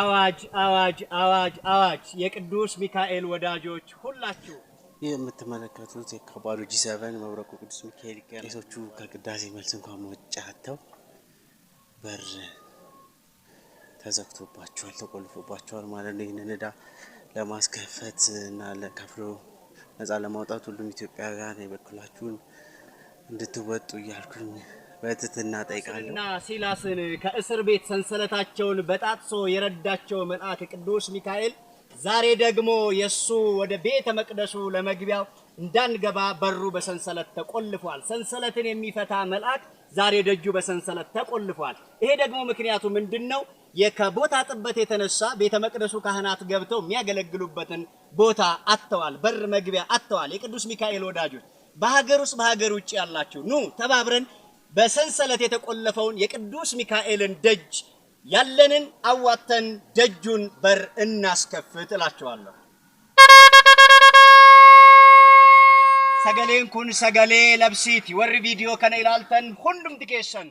አዋጅ አዋጅ አዋጅ አዋጅ! የቅዱስ ሚካኤል ወዳጆች ሁላችሁ ይህ የምትመለከቱት የከባዱ ጂ ሰቨን መብረቁ ቅዱስ ሚካኤል ቄሶቹ ከቅዳሴ መልስ እንኳን መውጫ በር ተዘግቶባቸዋል፣ ተቆልፎባቸዋል ማለት ነው። ይህንን ዕዳ ለማስከፈት እና ለከፍሎ ነፃ ለማውጣት ሁሉም ኢትዮጵያውያን የበኩላችሁን እንድትወጡ እያልኩኝ በትህትና ጠይቃለሁ እና ሲላስን ከእስር ቤት ሰንሰለታቸውን በጣጥሶ የረዳቸው መልአክ ቅዱስ ሚካኤል ዛሬ ደግሞ የእሱ ወደ ቤተ መቅደሱ ለመግቢያው እንዳንገባ በሩ በሰንሰለት ተቆልፏል። ሰንሰለትን የሚፈታ መልአክ ዛሬ ደጁ በሰንሰለት ተቆልፏል። ይሄ ደግሞ ምክንያቱ ምንድን ነው? ከቦታ ጥበት የተነሳ ቤተ መቅደሱ ካህናት ገብተው የሚያገለግሉበትን ቦታ አጥተዋል። በር መግቢያ አጥተዋል። የቅዱስ ሚካኤል ወዳጆች በሀገር ውስጥ በሀገር ውጭ ያላችሁ ኑ ተባብረን በሰንሰለት የተቆለፈውን የቅዱስ ሚካኤልን ደጅ ያለንን አዋተን ደጁን በር እናስከፍት እላቸዋለሁ። ሰገሌን ኩን ሰገሌ ለብሲት ወር ቪዲዮ ከነ ይላልተን ሁንዱም ትኬሰን